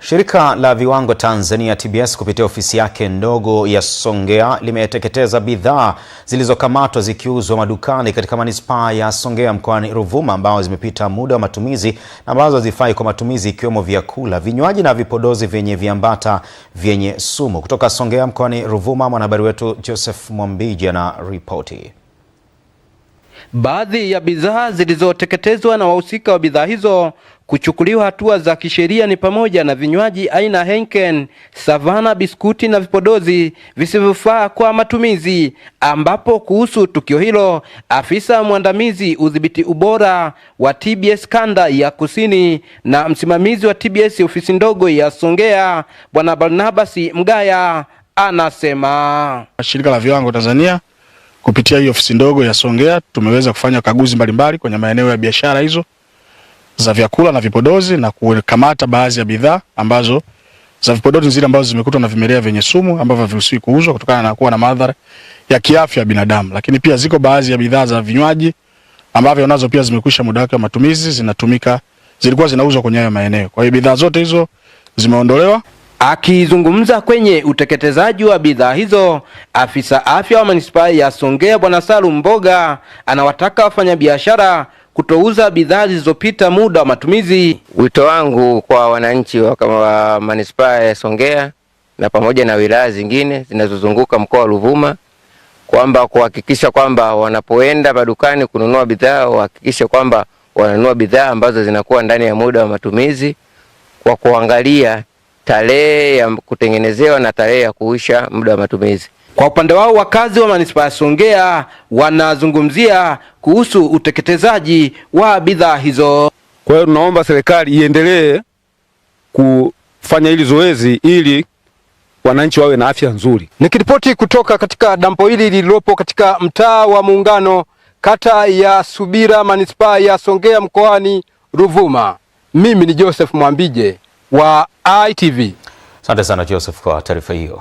Shirika la Viwango Tanzania TBS kupitia ofisi yake ndogo ya Songea limeteketeza bidhaa zilizokamatwa zikiuzwa madukani katika manispaa ya Songea mkoani Ruvuma ambao zimepita muda wa matumizi na ambazo hazifai kwa matumizi ikiwemo vyakula, vinywaji na vipodozi vyenye viambata vyenye sumu. Kutoka Songea mkoani Ruvuma, mwanahabari wetu Joseph Mwambiji ana ripoti. Baadhi ya bidhaa zilizoteketezwa na wahusika wa bidhaa hizo Kuchukuliwa hatua za kisheria ni pamoja na vinywaji aina henken Savana, biskuti na vipodozi visivyofaa kwa matumizi, ambapo kuhusu tukio hilo afisa mwandamizi udhibiti ubora wa TBS kanda ya Kusini na msimamizi wa TBS ofisi ndogo ya Songea Bwana Barnabas Mgaya anasema shirika la viwango Tanzania kupitia hii ofisi ndogo ya Songea tumeweza kufanya kaguzi mbalimbali kwenye maeneo ya biashara hizo za vyakula na vipodozi na kukamata baadhi ya bidhaa ambazo za vipodozi zile ambazo zimekutwa na vimelea vyenye sumu ambavyo haviruhusiwi kuuzwa kutokana na kuwa na madhara ya kiafya ya binadamu. Lakini pia ziko baadhi ya bidhaa za vinywaji ambavyo nazo pia zimekwisha muda wake wa matumizi, zinatumika zilikuwa zinauzwa kwenye hayo maeneo. Kwa hiyo bidhaa zote hizo zimeondolewa. Akizungumza kwenye uteketezaji wa bidhaa hizo, afisa afya wa manispaa ya Songea Bwana Salum Mboga anawataka wafanyabiashara kutouza bidhaa zilizopita muda wa matumizi. Wito wangu kwa wananchi wa manispaa ya Songea na pamoja na wilaya zingine zinazozunguka mkoa wa Ruvuma kwamba kuhakikisha kwamba wanapoenda madukani kununua bidhaa wahakikishe kwamba wananunua bidhaa ambazo zinakuwa ndani ya muda wa matumizi kwa kuangalia tarehe ya kutengenezewa na tarehe ya kuisha muda wa matumizi. Kwa upande wao wakazi wa manispaa ya Songea wanazungumzia kuhusu uteketezaji wa bidhaa hizo. Kwa hiyo tunaomba serikali iendelee kufanya hili zoezi ili wananchi wawe na afya nzuri. Nikiripoti kutoka katika dampo hili lililopo katika mtaa wa Muungano, kata ya Subira, manispaa ya Songea, mkoani Ruvuma, mimi ni Joseph Mwambije wa ITV. Asante sana Joseph kwa taarifa hiyo.